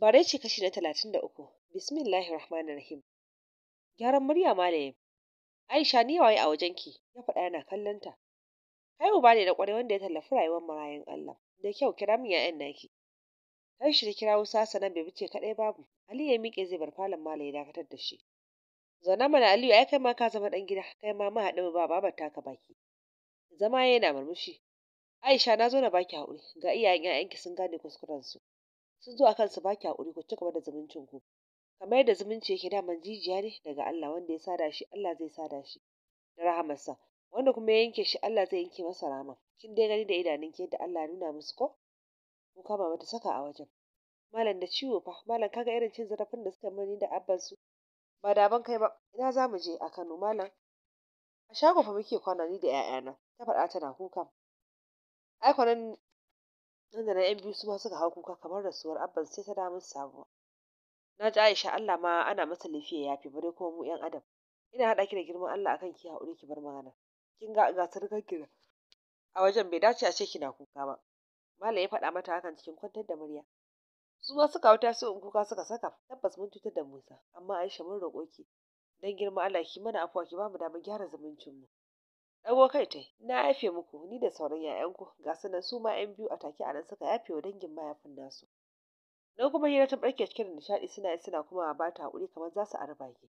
Bareci kashi na talatin da uku. Bismillahir Rahmanir Rahim. Gyaran murya malayin. Aisha ni waye a ki. Ya faɗa yana kallon ta. Kai uba ne da ƙwarai wanda ya tallafi rayuwar marayan Allah. Da kyau kira min ya'yan naki. Kai shi kira wusa sanan bai bice kadai babu. Ali ya miƙe zai bar falon malayi dakatar da shi. Zauna mana Aliyu ai kai ma ka zama dan gida, kai ma ma haɗu ba babar taka baki. Zama yana murmushi. Aisha na zo na baki haƙuri, ga iyayen 'ya'yanki sun gane kuskurensu. sun zo a kansu ba ki haƙuri ku ci gaba da zumuncin ku kamar yadda zumunci yake daman jijiya ne daga Allah wanda ya sada shi Allah zai sada shi da rahamarsa wanda kuma ya yanke shi Allah zai yanke masa rama kin dai gani da idanunki yadda Allah ya nuna musu ko ko kama mata saka a wajen malam da ciwo fa malam kaga irin cin zarafin da suka mani da abban ba da ban kai ba ina za mu je a Kano malam a shago fa muke kwana ni da 'ya'yana ta faɗa tana kuka ai kwanan nan da na yan biyu su ma suka hau kuka kamar rasuwar abban sai ta damun sabuwa na ji aisha allah ma ana masa lafiya ya fi bare kuma mu yan adam ina haɗa ki da girman allah akan ki haƙuri ki bar magana kin ga ga sarkar ki a wajen bai dace a ce kina kuka ba malam ya faɗa mata hakan cikin kwantar da murya su ma suka wuta su in kuka suka saka tabbas mun cutar da musa amma aisha mun roƙo ki dan girma allah ki mana afuwa ki bamu damar gyara zumuncin mu Ɗago kai tai, na yafe muku ni da sauran 'ya'yanku ga su nan su ma 'yan biyu a take a nan suka yafe wa dangin mahaifin nasu. Na kuma hira ta ɓarke cikin nishaɗi suna yi suna kuma ba ta haƙuri kamar za su arbage.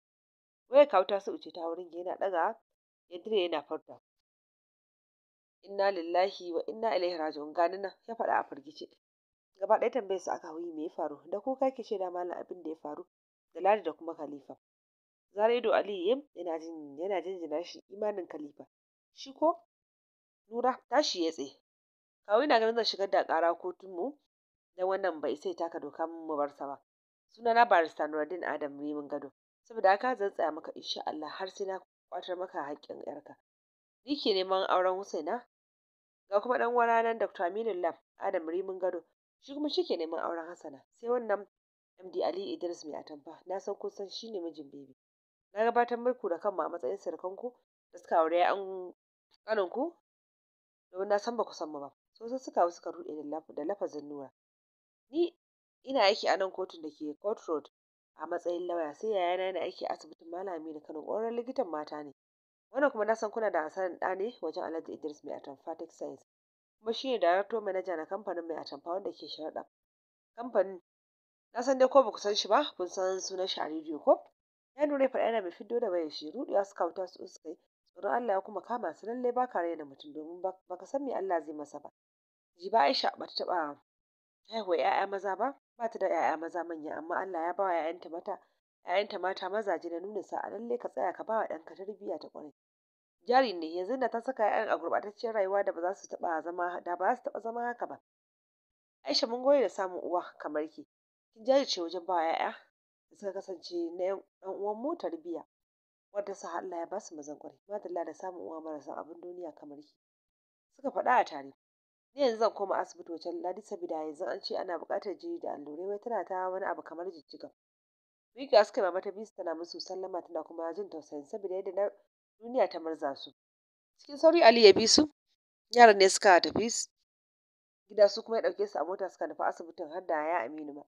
Wai kawo ta su wuce ta wurin yana ɗaga Yadda yana farta. Inna lillahi wa inna ilaihi raji'un gani nan ya faɗa a firgice. Gaba ɗaya tambayar su aka hauyi me ya faru da kuka ke ce da malam abin da ya faru da Ladi da kuma Khalifa. Zare ido Aliyu yana jin yana jinjina shi imanin Khalifa. Shi ko? Ta tashi ya tse. Kawu ina ganin zan shigar da ƙara kotunmu dan wannan bai sai taka doka mu bar sa ba. Sunana barista Nuruddin Adam mun Gado. Saboda haka zan tsaya maka insha Allah har sai na kwatar maka haƙƙin yarka. Ni ke neman auren Husaina ga kuma dan uwana nan Dr. Aminu Lam Adam mun Gado. Shi kuma shi ke neman auren Hassana. Sai wannan MD Ali Idris mai atamfa na san ko san shine mijin bebe. Na gabatar muku da kanmu a matsayin ku da suka aure an Da domin na san ba ku san mu ba so sai suka hau suka ruɗe da lafazin nura ni ina aiki a nan kotun da ke court road a matsayin lauya sai yayana yana aiki a asibitin malami da kano oral likitan mata ne wannan kuma na san kuna da hasarin ɗa ne wajen alhaji idris mai atamfa tech science kuma shi ne manager manaja na kamfanin mai atamfa wanda ke sharaɗa kamfanin na san dai ko ba ku san shi ba kun san sunan shi a rediyo ko ya nuna faɗa yana mai fiddo da bayan shi ruɗewa suka wuta su suka yi tsoron Allah ya kuma kama su lallai ba ka raina mutum domin ba ka san me Allah zai masa ba jiba Aisha ba ta taɓa haihuwa 'ya'ya maza ba ba ta da 'ya'ya maza manya amma Allah ya ba wa 'ya'yanta mata ‘ya'yanta mata mazaje na nuna sa'a lallai ka tsaya ka ba wa ɗanka tarbiyya ta ƙwarai. Jari ne yanzu na ta saka ‘ya'yan a gurɓatacciyar rayuwa da ba za su taɓa zama da ba za su taɓa zama haka ba. Aisha mun gode da samun uwa kamar ki. Kin jajirce wajen ba wa ‘ya'ya da suka kasance na ‘yan uwan mu tarbiyya. wanda sa Allah ya ba su mazan ƙwarai madalla da samun uwa marasa abin duniya kamar ki suka faɗa a tare ni yanzu zan koma asibiti wajen ladi saboda yanzu an ce ana buƙatar jini da allurai wai tana ta wani abu kamar jijjiga Mika suka ba mata bisu tana musu sallama tana kuma jin tausayin saboda yadda na duniya ta marza su cikin sauri Ali ya bi su yaran ne suka tafi gida su kuma ya ɗauke su a mota suka nufi asibitin har da ya Aminu ma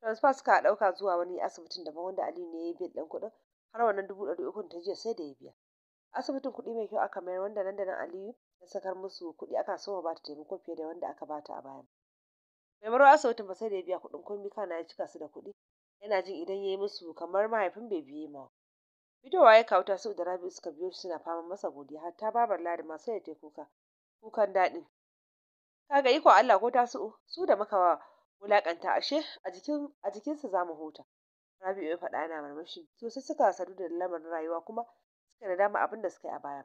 transfer suka ɗauka zuwa wani asibitin daban wanda Ali ne ya yi ɗan kuɗin har wannan dubu ɗari ukun ta jiya sai da ya biya asibitin kuɗi mai kyau aka mayar wanda nan da nan aliyu ya sakar musu kuɗi aka so ba ta taimako fiye da wanda aka bata a baya mai marwa asibitin ba sai da ya biya kuɗin komai kana ya cika su da kuɗi yana jin idan ya yi musu kamar mahaifin bai biye ma fitowa ya kawo tasu da rabi suka biyo su suna fama masa godiya har ta babar ladi ma sai ta kuka kukan daɗi ga iko Allah ko tasu su da makawa wulakanta ashe a jikin a jikinsa za mu huta Rabi'u ya faɗa yana murmushi. Sosai suka sadu da lamarin rayuwa kuma suka nadama abin da suka yi a baya.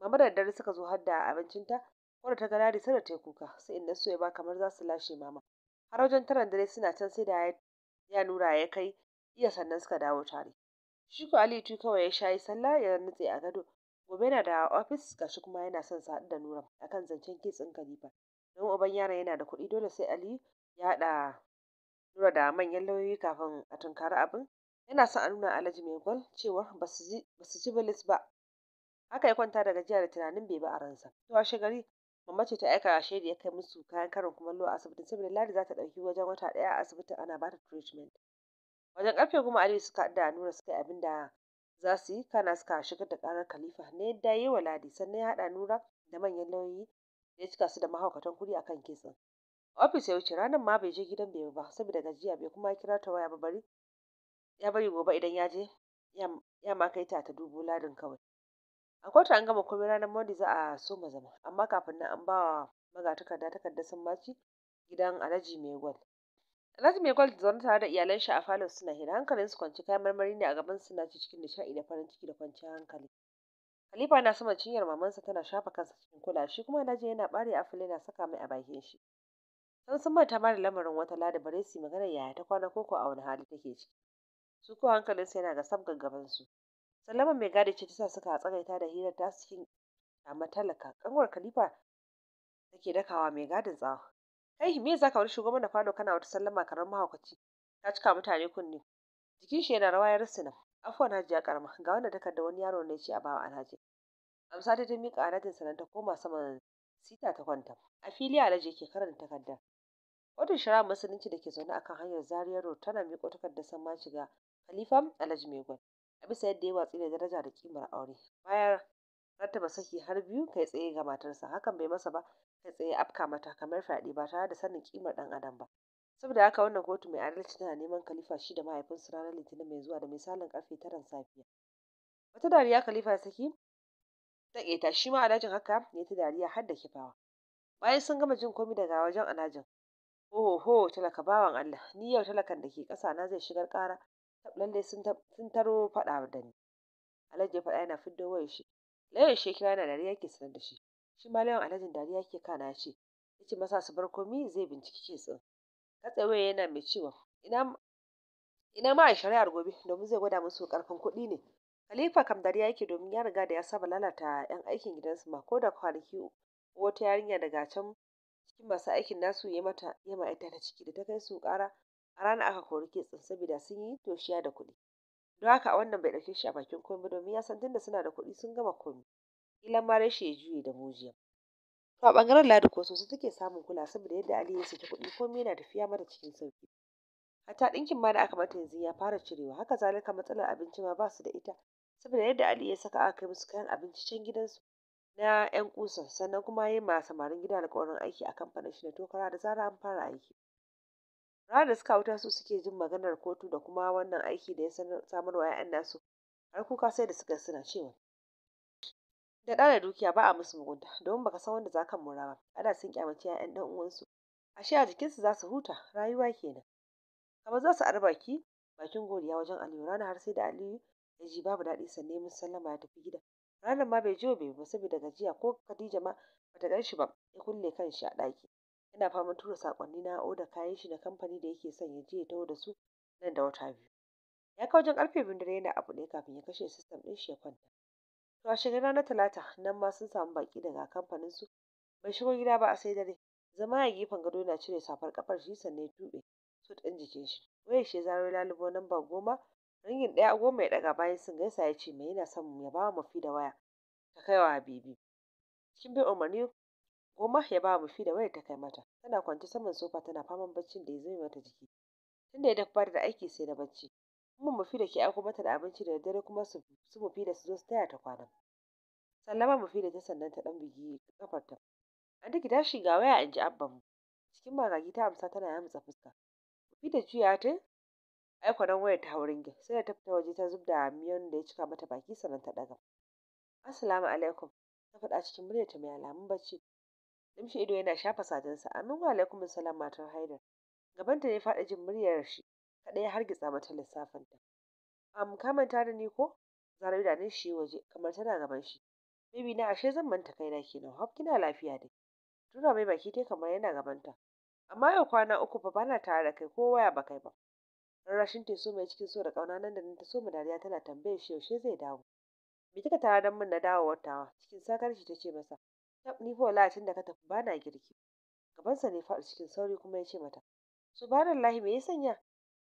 Mama da daddare suka zo har da abincinta, wadda ta ga Ladi sai da ta yi kuka, sai inda su ya ba kamar za su lashe mama. Har wajen taran dare suna can sai da ya nura ya kai iya sannan suka dawo tare. Shi ko Ali tu kawai ya shayi sallah ya nutse a gado. Gobe yana da ofis gashi kuma yana son su haɗu da Nura akan zancen kitsin Khalifa. don uban yaron yana da kuɗi dole sai Ali ya haɗa Nura da manyan lauyoyi kafin a tunkari abin, yana son a nuna Alhaji Mai Gwal cewa ba su ci bilis ba. Haka ya kwanta da gajiya da tunanin bai ba a ransa. To shagari mama ce ta aika da ya kai musu kayan karin kumallo a asibitin saboda Ladi za ta ɗauki wajen wata ɗaya a asibitin ana ba ta treatment. Wajen karfe goma Aliyu suka haɗu da Nura suka yi abin da za su yi kana suka shigar da ƙarar Khalifa ne da yi wa Ladi sannan ya haɗa Nura da manyan lauyoyi da ya cika su da mahaukatan kuɗi akan kitsin. Ofis ya wuce ranar ma bai je gidan bai ba saboda gajiya bai kuma kira ta waya ba bari ya bari gobe idan ya je ya ma kai ta ta dubo Ladin kawai. A kotu an gama komai ranar Monday za a soma zama amma kafin nan an ba wa magatakarda sun maci gidan Alhaji mai gwal. Alhaji mai gwal zaune tare da iyalan shi a falo suna hira hankalin su kwance kayan marmari ne a gaban su suna ci cikin nishaɗi da farin ciki da kwanciyar hankali. Khalifa na saman cinyar mamansa tana shafa kansa cikin kula shi kuma Alhaji yana bare fili yana saka mai a bakin shi. don sun manta ma da lamarin wata lada bare su magana yaya ta kwana koko a wani hali take ciki su ko sai yana ga sab gaggaban su sallama mai gadi ce ta sa suka tsagaita da hirar ta cikin amma talaka kanwar khalifa take dakawa mai gadin tsawa kai me za ka wani shugaban da fado kana wata sallama karar mahaukaci ka cika mutane kunne jikin shi yana rawa ya afuwa na hajiya karama ga wanda takarda wani yaro ne ce a bawa alhaji amsa ta ta miƙa alhajin sanan ta koma saman sita ta kwanta a fili alhaji ke karanta takardar Kotun shara Musulunci da ke zaune a kan hanyar Zaria Road tana miƙo takardar sammaci ga Khalifa Alhaji gwal a bisa yadda ya yi watsi da daraja da ƙimar aure. Bayan rattaba saki har biyu kai tsaye ga matarsa, hakan bai masa ba kai tsaye afka mata kamar fyaɗe ba tare da sanin kimar ɗan adam ba. Saboda haka wannan kotu mai adalci tana neman Khalifa shi da mahaifinsu ranar Litinin mai zuwa da misalin ƙarfe taran safiya. Wata dariya Khalifa ya saki ta ƙeta shi ma alhajin haka ya ta dariya har da kifawa. Bayan sun gama jin komai daga wajen alhajin Oho Talaka bawan Allah, ni yau talakan da ke ƙasa na zai shigar ƙara. lallai sun taro faɗa da ni. Alhaji ya faɗa yana fiddo wayar shi. lallai shi kira yana dariya yake sanar da shi. Shi ma lawan alhajin dariya yake kana ya ce, yace masa su bar komi zai binciki ke tsin Katse yana mai cewa, ina ina ma a shari'ar gobe domin zai gwada musu ƙarfin kuɗi ne. Khalifa kam dariya yake domin ya riga da ya saba lalata 'yan aikin gidansu ma ko da kwanaki wata yarinya daga can cikin masu aikin nasu ya mata ya ma'aikata ciki da ta kai su ƙara a ranar aka kori kitsin saboda sun yi toshiya da kuɗi don haka wannan bai ɗauke shi a bakin komai domin ya san tunda suna da kuɗi sun gama komai ilan ma rashi ya juye da mujiya to a ɓangaren ladi ko sosai take samun kula saboda yadda aliyu ya saki kuɗi komai yana tafiya mata cikin sauki hatta ɗinkin ma da aka mata yanzu ya fara cirewa haka zalika matsalar abinci ma ba su da ita saboda yadda Ali ya saka aka kai musu kayan abinci can gidansu na 'yan ƙusan sannan kuma ya ma samarin gida alƙawarin aiki a kamfanin shi na tokara da zara an fara aiki. Ranar da suka wuta su suke jin maganar kotu da kuma wannan aiki da ya samar wa 'ya'yan nasu har kuka sai da suka suna cewa. Da ɗa da dukiya ba a musu mugunta domin baka san wanda za ka mora ba ana sun kyamaci 'ya'yan ɗan uwansu ashe a jikinsu za su huta rayuwa kenan. Kamar za su arbaki bakin godiya wajen Aliyu rana har sai da Aliyu ya ji babu daɗi sannan ya sallama ya tafi gida. Ranar ma bai ji bai ba saboda gajiya ko Khadija ma bata gan shi ba ya kulle kanshi a ɗaki. Yana fama tura saƙonni na oda kayan shi na kamfani da yake son ya je ya taho da su nan da wata biyu. Ya kai wajen ƙarfe biyu dare yana abu ɗaya kafin ya kashe sistem ɗin shi ya kwanta. To a washe ranar Talata nan ma sun samu baƙi daga kamfanin su bai shigo gida ba a sai dare. Zama a gefen gado yana cire safar ƙafar shi sannan ya tuɓe sut ɗin jikin shi. Wayar shi ya zaro lalubo namba goma Ringin ɗaya goma ya ɗaga bayan sun gaisa ya ce mai yana son ya ba mafi da waya ta kai wa Habibi. Cikin bin umarni goma ya ba mafi da waya ta kai mata. Tana kwance saman sofa tana faman baccin da ya zo mata jiki. Tunda ya dafa da aiki sai na bacci. Kuma mafi da ke aiko mata da abinci da daddare kuma su mafi da su zo su taya ta kwana. Sallama mafi da ta sannan ta ɗan bugi kafarta. An ta tashi ga waya in ji abban mu. Cikin magagi ta amsa tana yamutsa fuska. Mafi da juya ta Ai nan wayar ta hau ringin, sai da ta fita waje ta zub da miyan da ya cika mata baki sannan ta ɗaga. Assalamu alaikum, ta faɗa cikin murya ta mai alamun bacci. Limshe ido yana shafa sajensa. Amin wa alaikum salam matar Haidar. Gabanta ne faɗa jin muryar shi, kaɗai ya hargitsa mata lissafinta. Am ka manta da ni ko? Zara ne shi waje kamar tana gaban shi. Bibi na ashe zan manta kaina kenan. Hop kina lafiya dai. Tura mai baki dai kamar yana gabanta. Amma yau kwana uku fa bana tare da kai ko waya ba kai ba. rarrashin ta so mai cikin so da ƙauna nan da nan ta so mu dariya tana tambayar shi yaushe zai dawo me kika tara dan min na dawowar tawa cikin sakar shi tace masa tab ni fa tun da ka tafi bana girki gabansa ne faɗi cikin sauri kuma ya ce mata subhanallahi me ya sanya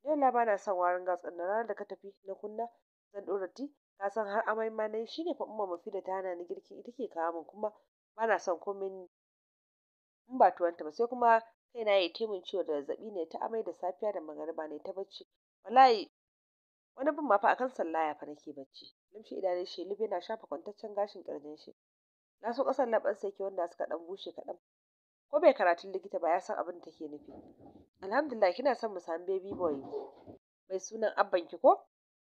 dole ba bana son warin gas din ranar da ka tafi na kunna zan dora ti ka san har amai ma nayi shine fa umma mafi da ta na ni girki ita ke kawo min kuma bana son komai in ba tuwanta ba sai kuma kaina yayi ta min ciwo da zazzaɓi ne ta amai da safiya da magariba ne ta bacci wallahi wani bin ma fa akan sallaya fa nake bacci limshi idanun shi lube na shafa kwantaccen gashin ƙirjin shi na so ƙasan laɓan sai yake wanda suka ɗan bushe kaɗan ko bai karatun likita ba ya san abin da take nufi alhamdulillah kina son mu samu baby boy mai sunan abban ki ko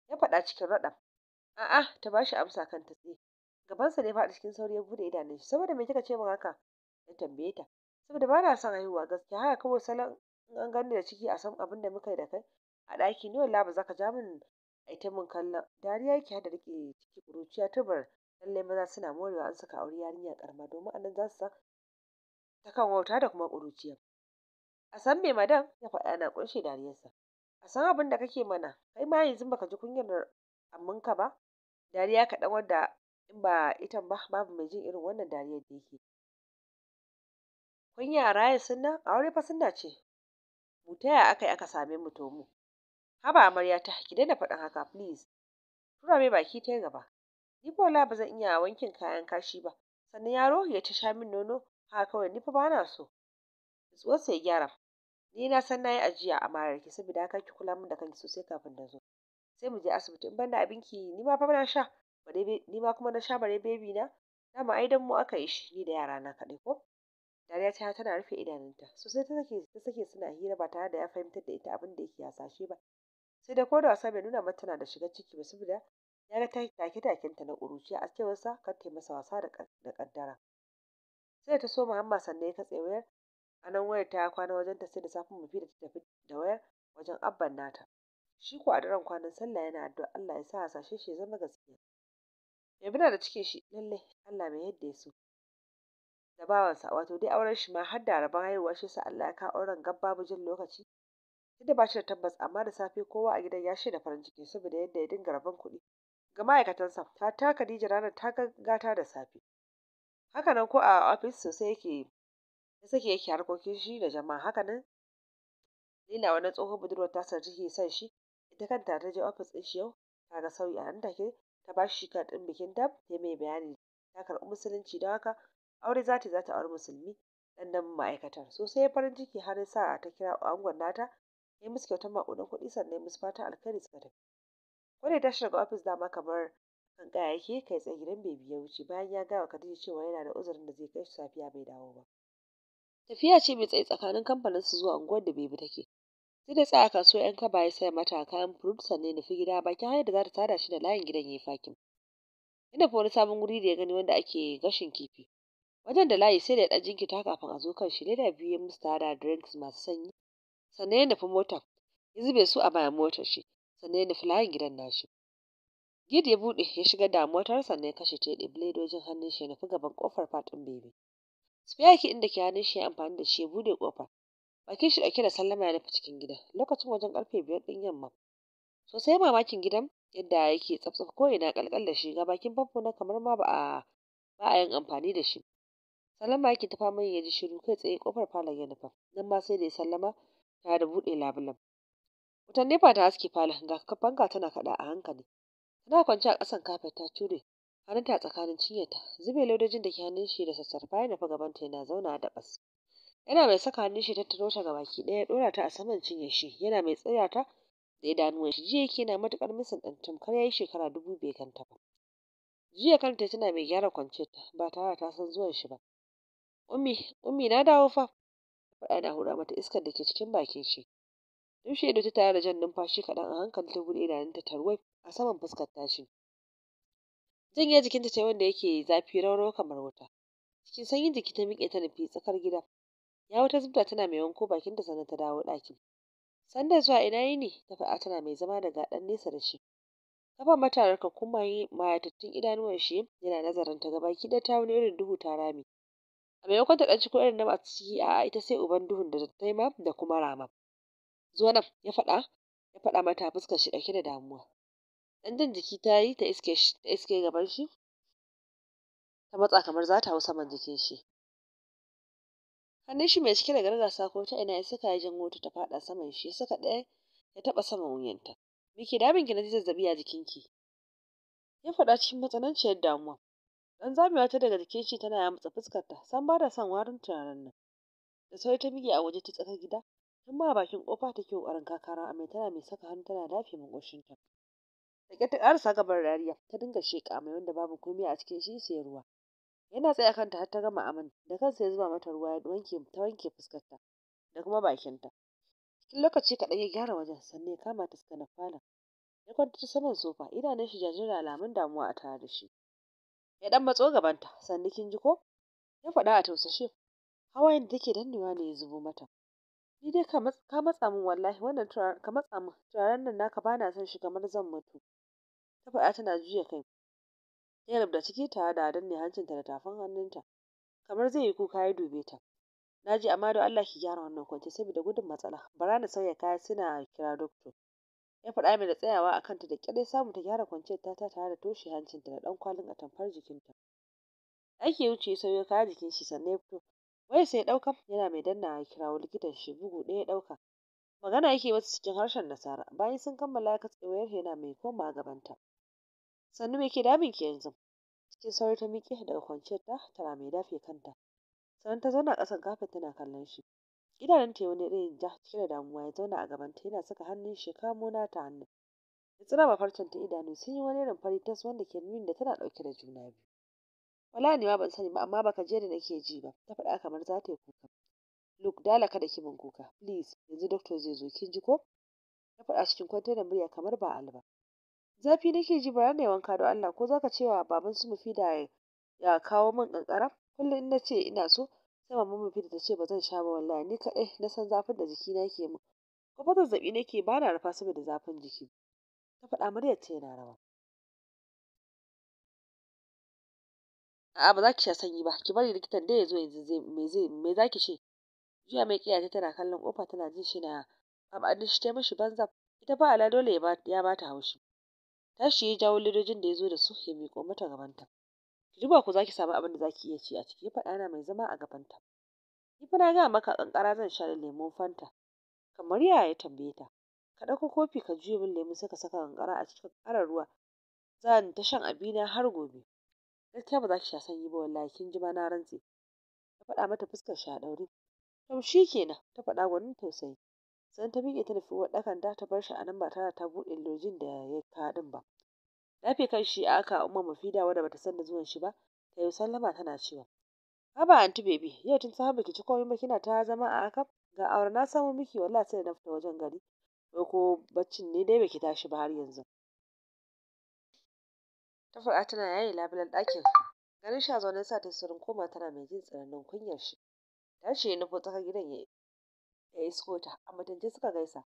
ya faɗa cikin raɗa a'a ta bashi amsa kan ta gabansa ne faɗi cikin sauri ya bude idanun shi saboda me kika ce min haka ya tambaye ta saboda ba na son haihuwa gaskiya haka kawai salon an gani da ciki a san abin da muka yi da kai a ɗaki ne wallahi ba za ka ja min ai ta min kallon dariya yake hada rike ciki ƙuruciya tubar lallai maza suna morewa an saka aure yarinya karma domin anan za su san ta kan wauta da kuma ƙuruciya a san me madan ya faɗa ana ƙunshe dariyarsa a san abin da kake mana kai ma yanzu baka ji kunyar amminka ba dariya kaɗan wadda in ba ita ba babu mai jin irin wannan dariyar da yake Kun yi a nan a Aure fa sunna ce. Mu ta ya aka yi aka same mu to mu? Haba amarya ta. ki daina faɗin haka please. Tura mai baki ta gaba. Ni ko ba zan iya wankin kayan kashi ba. Sannan yaro ya ta sha min nono haka kawai ni fa ba na so. Nutsuwarsa ya gyara. Ni na san na yi ajiya a ki saboda haka ki kula min da kanki sosai kafin na zo. Sai mu je asibiti in banda abinki ni ma fa na sha. ni ma kuma na sha bare bebi na. Dama ai dan mu aka yi shi ni da yara na kaɗai ko? Dariya ta tana rufe idanunta. sai ta sake ta sake suna hira ba tare da ya fahimtar da ita abin da yake hasashe ba. Sai da koda wasa bai nuna mata tana da shiga ciki ba saboda ya ga take take ta na ƙuruciya a cewar sa kar ta masa wasa da kaddara. Sai ta so Muhammad sannan ya katse wayar. A nan wayar ta kwana wajen ta sai da safin mafi da ta tafi da wayar wajen abban nata. Shi ko a daren kwanan sallah yana addu'a Allah ya sa hasashe shi ya zama gaskiya. Yabi bina da cikin shi lalle Allah mai yadda ya so. da sa, wato dai auren shi ma har da rabon haihuwa shi sa Allah ya kawo auren gab babu lokaci tunda ba shi da tabbas amma da safe kowa a gidan ya da farin ciki saboda yadda ya dinga rabon kuɗi ga ma'aikatansa hatta Khadija ranar ta gata da safe haka nan ko a ofis sosai yake ya sake yake harkokin shi da jama'a haka nan Lila wannan tsohon budurwar ta sarji ke son shi ita kanta ta je ofis ɗin shi yau ta ga sauyi a nan take ta ba shi katin bikin dab ya mai bayani ta karɓi musulunci da haka aure za ta za ta auri musulmi nan ma'aikatar sosai sai farin ciki har sa ta kira angon nata ya musu kyautar maƙudan kuɗi sannan ya musu fatan alkhairi suka tafi ko ta shiga ofis dama kamar kan kaya yake kai tsaye gidan bebi ya wuce bayan ya gawa Kadija cewa yana da uzurin da zai kai shi safiya bai dawo ba tafiya ce mai tsaye tsakanin kamfanin su zuwa unguwar da bebi take sai da tsaya kasuwar yan kaba ya saya mata kayan furut sannan nufi gida bakin hanyar da za ta tada shi da layin gidan ya yi fakin ina fa wani sabon guri da ya gani wanda ake gashin kifi wajen da layi sai da ya jinkita kafin a zo kan shi leda biyu ya musu tare da drinks masu sanyi sannan ya nufi mota ya zube su a bayan motar shi sannan ya nufi layin gidan nashi gid ya buɗe ya shiga da motar sannan ya kashe ta ya ɗebi hannun shi ya nufi gaban kofar fatin bebe spare ki inda ke hannun shi ya amfani da shi ya buɗe kofar. bakin shi ɗauke da sallama ya nufi cikin gidan lokacin wajen karfe biyar ɗin yamma sosai mamakin gidan yadda yake tsaftsaf ko ina kalkal da shiga ga bakin famfo na kamar ma ba a ba a yin amfani da shi Sallama yake ta faman ya ji shiru kai tsaye kofar falon ya nufa. Nan ma sai da ya sallama ta da buɗe labulen. Wutan nefa ta haske falon ga fanka tana kaɗa a hankali. Tana kwance a ƙasan kafet ta ture hannunta a tsakanin cinyarta. Zube ledojin da ke hannun shi da sassarfa ya nufi gabanta yana zauna da bas. Yana mai saka hannun shi tattaro ta baki ɗaya ɗora ta a saman cinye shi yana mai tsaya ta da idanuwan shi. Jiya yake na matuƙar misin ɗan tamkar ya yi shekara dubu bai ganta ba. Jiya kanta tana mai gyara kwanciyarta ba tare da ta san zuwan shi ba. Ummi, Ummi na dawo fa, faɗa na hura mata iskar da ke cikin bakin shi. Lumshe ido ta tare da jan numfashi kaɗan a hankali ta buɗe idanunta tarwai a saman fuskar tashi. Janye jikinta ta wanda yake zafi rawarau kamar wuta. Cikin sanyin jiki ta miƙe ta nufi tsakar gida. Ya wata zubta tana mai wanko bakin bakinta sannan ta dawo ɗakin. Sanda zuwa ina yini ta faɗa tana mai zama daga ɗan nesa da shi. Kafa mata yi mayatattun idanuwan shi yana nazarin ta gabaki ɗaya ta wani irin duhu ta rame. A maimakon ta ciko kuɗin na masu ciki a'a ita sai uban duhun da ta ma da kuma rama. Zo nan ya faɗa ya faɗa mata fuskar shi ɗauke da damuwa. Ɗan jan jiki ta yi ta iske ta iske gaban shi ta matsa kamar za ta hau saman jikin shi. Hannun shi mai cike da gargasa ko ta ina ya saka ya janyo ta ta faɗa saman shi ya saka ɗaya ya taɓa saman wuyanta. Me ke damun ki na ji zazzaɓi a jikinki? Ya faɗa cikin matsananciyar damuwa. Dan zamewa ta daga jikin shi tana yamutsa fuskarta, san ba da son warin tunanin nan. Da sauri ta miƙe a waje ta tsakar gida, tun ba bakin ƙofa take ƙoƙarin kakara mai tana mai saka hannu tana dafe ta. Sake ta ƙarasa gabar rariya, ta dinga sheƙa mai wanda babu komai a cikin shi sai ruwa. Yana tsaye kanta har ta gama aman, da kansa ya zuba mata ruwa ya wanke ta wanke fuskarta da kuma bakinta. Cikin lokaci kaɗan ya gyara wajen sannan ya kama ta suka na falon. Ya kwanta ta saman sofa, idanun shi jajira alamun damuwa a tare da shi. ya dan matso gabanta sannu kin ji ko ya faɗa a tausashe hawayen da take dannewa ne ya zubo mata ni dai ka matsa min wallahi wannan ka matsa min turaren nan naka bana son shi kamar zan mutu ta faɗa tana juya kai ya rubuta ciki tare da danne hancinta da tafin hannunta kamar zai yi kuka ya dube ta na ji amma don Allah ki gyara wannan kwance saboda gudun matsala bara na sauya kaya suna kira doctor ya faɗa mai da tsayawa a kanta da ƙyar ya samu ta gyara kwanciyar ta tare da toshe hancinta da ɗan kwalin atamfar jikinta aiki ya wuce ya sauyo kaya jikin shi sannan ya fito wai sai ɗauka yana mai danna a kirawo likitan shi bugu ɗaya ya ɗauka magana yake masa cikin harshen nasara bayan sun kammala ya katse wayar yana mai koma gabanta sannu me ke damin ki yanzu cikin sauri ta miƙe daga kwanciyar ta tana mai dafe kanta sannan ta zauna ƙasan kafet tana kallon shi Idanun ta wani irin ja cike da damuwa ya zauna a gabanta yana saka hannun shi kamo ta hannu Ya tsira ba farcen ta idanu sun yi wani irin fari tas wanda ke nuni da tana ɗauke da juna biyu. Wala ne ma ban sani ba amma baka je da nake ji ba ta faɗa kamar za ta yi kuka. luk dala kada ki min kuka please yanzu doctor zai zo kin ji ko? Ta faɗa cikin kwantar da murya kamar ba alba. Zafi nake ji ba na wanka don Allah ko zaka ce wa baban su da ya kawo min kankara kullum in na ce ina so sai maman Mufida ta ce ba zan sha ba wallahi ni kaɗai na san zafin da jikina ke min ko fa zazzaɓi nake ba na rufa saboda zafin jiki ta faɗa murya ta yana rawa a'a ba za ki sha sanyi ba ki bari likitan dai ya zo yanzu me zai me za ki ce jiya mai ta tana kallon kofa tana jin shi na amma shi ta mishi banza ita fa ala dole ya ba ta haushi ta shi ya jawo lidojin da ya zo da su ya miƙo mata gabanta ki duba ku ki samu abin da za ki iya ci a ciki ya faɗa yana mai zama a gabanta Ni fa na gaya maka kankara zan sha da lemon Fanta. Kamar yaya ya tambaye ta. Ka ɗauko kofi ka juye min lemu sai ka saka kankara a cikin karar ruwa. Za ni ta shan abina har gobe. Gaskiya ba za ki sha sanyi ba wallahi kin ji ma na rantse. Ta faɗa mata fuskar shi a ɗaure. To shi kenan ta faɗa gwanin tausayi. Sannan ta miƙe ta nufi ɗakan ta ta bar shi a nan ba tare ta buɗe lojin da ya kawo ɗin ba. lafi kan shi aka Umma mafida da bata san da zuwan shi ba ta yi sallama tana cewa haba anti baby yau tun safe baki ci komai ba kina ta zama a akan ga aure na samo miki wallahi sai na fita wajen gari wai ko baccin ne dai baki tashi ba har yanzu ta faɗa tana yaye labulen ɗakin ganin sha zaune sa ta surin koma tana mai jin tsananin kunyar shi tashi ya nufo tsakar gidan ya ya isko ta a mutunce suka gaisa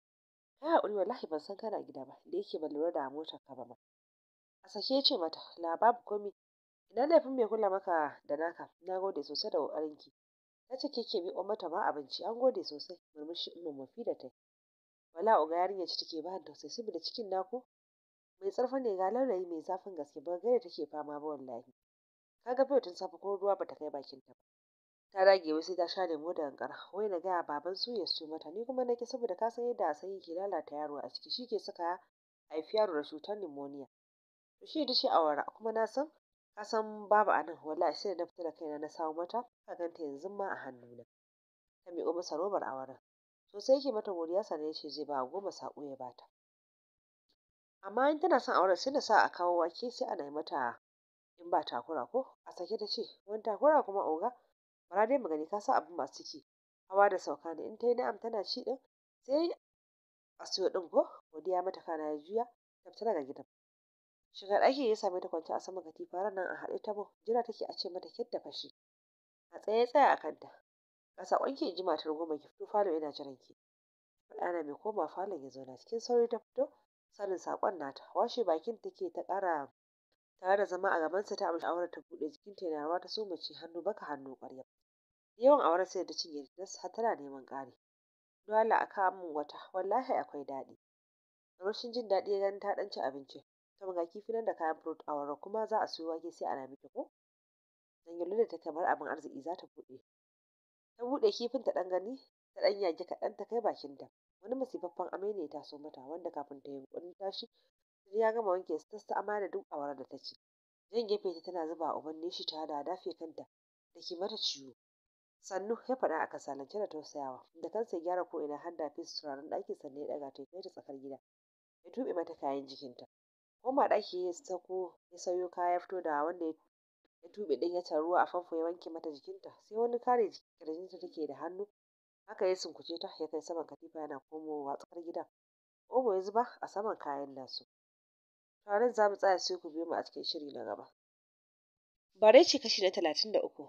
kai haƙuri wallahi ban san kana gida ba da yake ban lura da motar ka ba ma a sake ce mata la babu komai Ina laifin mai kula maka da naka? Na gode sosai da ƙoƙarinki. Ta ce ke ke miƙo mata ma abinci. An gode sosai. Murmushi Umma mafi da yi. Wala oga yarinyar ci take bani tausayi saboda cikin naku mai tsarfa ne ga laulayi mai zafin gaske ba ga take fama ba wallahi. Ka ga bai tun safe ko ruwa bata kai bakin ta ba. Ta dage wasu sai ta sha lemo da kankara. Wai na gaya baban su ya siyo mata ni kuma nake saboda ka san yadda sanyi ke lalata yaro a ciki shi ke saka haifi yaro da cutar nimoniya. To shi da shi awara kuma na san ka san babu a nan wallahi sai da na fita da kai na samo mata ka ganta yanzu ma a hannuna ta miƙo masa robar a wurin sosai yake mata godiya sannan ce zai ba goma saƙo ya bata amma in tana son auren sai na sa a kawo wake sai a yi mata in ba takura ko a sake ta ce wani takura kuma oga bara dai magani ka sa abin masu ciki hawa da sauka ne in ta yi na'am tana ci din sai a siyo din ko godiya mata kana ya juya ta fita daga gidan shiga ɗakin ya same ta kwance a saman katifa nan a haɗe ta mun jira take a ce mata kyadda fashi a tsaye tsaya a kanta a saƙon ki ji matar goma ki fito falo yana jiran ki na mai koma falon ya zauna cikin sauri ta fito sanin saƙon nata washe bakin take ta ƙara tare da zama a gabansa ta amshi auren ta buɗe jikin ta yana rawa ta mace hannu baka hannu ƙwarya yawan auren sai da cinye har tana neman ƙari dole a kawo min wata wallahi akwai daɗi rashin jin daɗi ya gani ta ɗan ci abinci to ga kifi nan da kayan fruit awara kuma za a siyo wake sai ana miki ko dan yallo da ta kamar abin arziki za ta buɗe ta buɗe kifin ta ɗan gani ta ɗan yage kaɗan ta kai bakin ta wani masifaffen amai ne ta so mata wanda kafin ta yunkurin tashi sai ya gama wanke su ta amai da duk awara da ta ci jan gefe ta tana zuba uban shi ta da dafe kanta da ke mata ciwo sannu ya faɗa a kasalance da tausayawa da kansa gyara ko ina har da su turaren ɗaki sannan ya ɗaga ta kai ta tsakar gida ya tuɓe mata kayan jikinta koma ɗaki ya sako ya sayo kaya ya fito da wanda ya tuɓe ɗin ya ruwa a famfo ya wanke mata jikinta sai wani kare ta take da hannu haka ya sunkuce ta ya kai saman katifa yana komowa tsakar gidan omo ya zuba a saman kayan nasu to za mu tsaya sai ku biyo mu a cikin shiri na gaba bare ce kashi na talatin da uku